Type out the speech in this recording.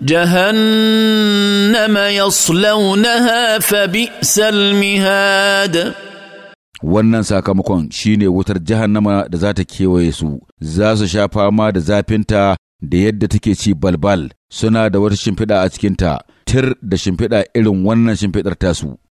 جهنم يصلونها فبئس المهاد wannan sakamakon shine wutar jahannama da za ta kewaye su za su sha fama da zafinta da yadda take ci balbal suna da wata shimfiɗa a cikinta tir da shimfiɗa irin wannan shimfiɗar tasu